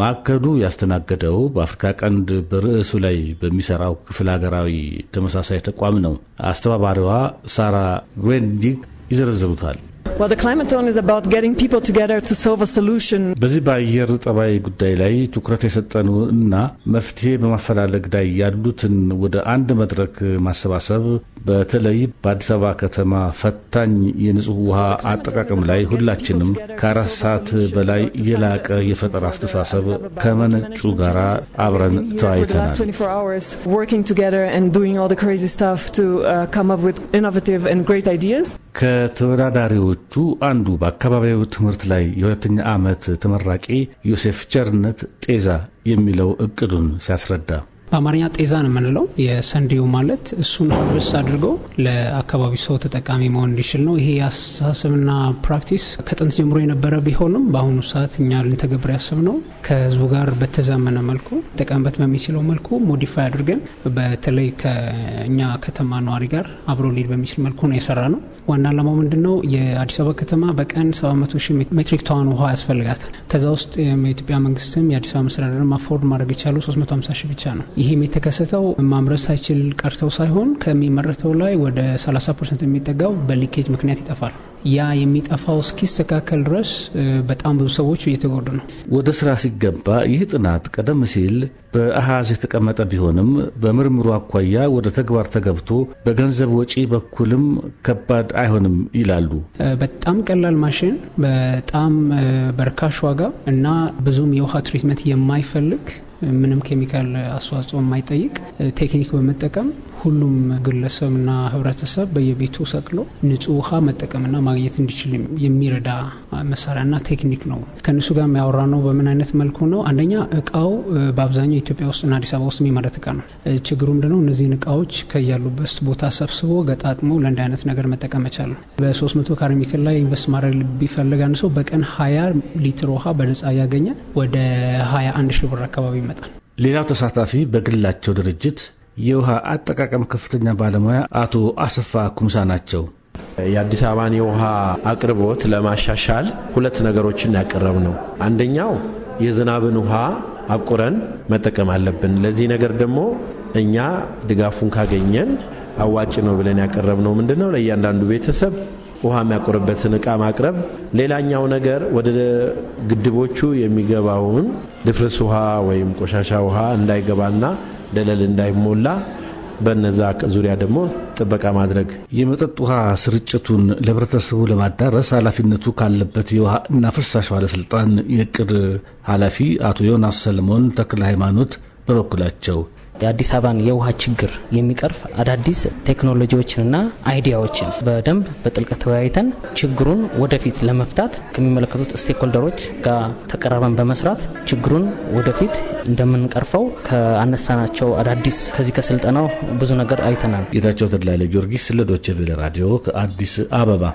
ማዕከሉ ያስተናገደው በአፍሪካ ቀንድ በርዕሱ ላይ በሚሰራው ክፍል ሀገራዊ ተመሳሳይ ተቋም ነው። አስተባባሪዋ ሳራ ግሬንዲግ ይዘረዝሩታል። በዚህ በአየር ጠባይ ጉዳይ ላይ ትኩረት የሰጠኑ እና መፍትሄ በማፈላለግ ላይ ያሉትን ወደ አንድ መድረክ ማሰባሰብ በተለይ በአዲስ አበባ ከተማ ፈታኝ የንጹህ ውሃ አጠቃቀም ላይ ሁላችንም ከአራት ሰዓት በላይ የላቀ የፈጠር አስተሳሰብ ከመነጩ ጋር አብረን ተወያይተናል። ከተወዳዳሪዎቹ አንዱ በአካባቢያዊ ትምህርት ላይ የሁለተኛ ዓመት ተመራቂ ዮሴፍ ቸርነት ጤዛ የሚለው እቅዱን ሲያስረዳ በአማርኛ ጤዛ ነው የምንለው የስንዴው ማለት እሱን ሀርቨስ አድርገው ለአካባቢ ሰው ተጠቃሚ መሆን እንዲችል ነው። ይሄ የአስተሳሰብና ፕራክቲስ ከጥንት ጀምሮ የነበረ ቢሆንም በአሁኑ ሰዓት እኛ ልንተገብር ያስብ ነው ከህዝቡ ጋር በተዛመነ መልኩ ጠቀምበት በሚችለው መልኩ ሞዲፋይ አድርገን በተለይ ከእኛ ከተማ ነዋሪ ጋር አብሮ ሊድ በሚችል መልኩ ነው የሰራ ነው። ዋና ዓላማው ምንድን ነው? የአዲስ አበባ ከተማ በቀን 700 ሜትሪክ ቶን ውሃ ያስፈልጋታል። ከዛ ውስጥ የኢትዮጵያ መንግስትም የአዲስ አበባ መስተዳደርም አፎርድ ማድረግ የቻሉ 350 ብቻ ነው። ይህም የተከሰተው ማምረት ሳይችል ቀርተው ሳይሆን ከሚመረተው ላይ ወደ 30 ፐርሰንት የሚጠጋው በሊኬጅ ምክንያት ይጠፋል። ያ የሚጠፋው እስኪስተካከል ድረስ በጣም ብዙ ሰዎች እየተጎዱ ነው። ወደ ስራ ሲገባ ይህ ጥናት ቀደም ሲል በአሃዝ የተቀመጠ ቢሆንም በምርምሩ አኳያ ወደ ተግባር ተገብቶ በገንዘብ ወጪ በኩልም ከባድ አይሆንም ይላሉ። በጣም ቀላል ማሽን በጣም በርካሽ ዋጋ እና ብዙም የውሃ ትሪትመንት የማይፈልግ ምንም ኬሚካል አስተዋጽኦ የማይጠይቅ ቴክኒክ በመጠቀም ሁሉም ግለሰብና ህብረተሰብ በየቤቱ ሰቅሎ ንጹህ ውሃ መጠቀምና ማግኘት እንዲችል የሚረዳ መሳሪያና ቴክኒክ ነው። ከእነሱ ጋር የሚያወራ ነው። በምን አይነት መልኩ ነው? አንደኛ እቃው በአብዛኛው ኢትዮጵያ ውስጥና አዲስ አበባ ውስጥ የሚመረት እቃ ነው። ችግሩ ምንድነው? እነዚህን እቃዎች ከያሉበት ቦታ ሰብስቦ ገጣጥሞ ለእንዲህ አይነት ነገር መጠቀም መቻል ነው። በ300 ካሬ ሜትር ላይ ኢንቨስት ማድረግ ቢፈልግ አንድ ሰው በቀን 20 ሊትር ውሃ በነፃ እያገኘ ወደ 21 ሺ ብር አካባቢ ይመጣል። ሌላው ተሳታፊ በግላቸው ድርጅት የውሃ አጠቃቀም ከፍተኛ ባለሙያ አቶ አሰፋ ኩምሳ ናቸው። የአዲስ አበባን የውሃ አቅርቦት ለማሻሻል ሁለት ነገሮችን ያቀረብ ነው። አንደኛው የዝናብን ውሃ አቁረን መጠቀም አለብን። ለዚህ ነገር ደግሞ እኛ ድጋፉን ካገኘን አዋጭ ነው ብለን ነው። ምንድን ነው ለእያንዳንዱ ቤተሰብ ውሃ የሚያቆርበትን እቃ ማቅረብ። ሌላኛው ነገር ወደ ግድቦቹ የሚገባውን ድፍርስ ውሃ ወይም ቆሻሻ ውሃ እንዳይገባና ደለል እንዳይሞላ በነዛ ዙሪያ ደግሞ ጥበቃ ማድረግ የመጠጥ ውሃ ስርጭቱን ለህብረተሰቡ ለማዳረስ ኃላፊነቱ ካለበት የውሃ እና ፍሳሽ ባለስልጣን የቅር ኃላፊ አቶ ዮናስ ሰለሞን ተክለ ሃይማኖት በበኩላቸው የአዲስ አበባን የውሃ ችግር የሚቀርፍ አዳዲስ ቴክኖሎጂዎችንና አይዲያዎችን በደንብ በጥልቀት ተወያይተን ችግሩን ወደፊት ለመፍታት ከሚመለከቱት ስቴክሆልደሮች ጋር ተቀራርበን በመስራት ችግሩን ወደፊት እንደምንቀርፈው ከአነሳናቸው አዳዲስ ከዚህ ከስልጠናው ብዙ ነገር አይተናል። ጌታቸው ተድላ ለጊዮርጊስ ለዶቼ ቬለ ራዲዮ ከአዲስ አበባ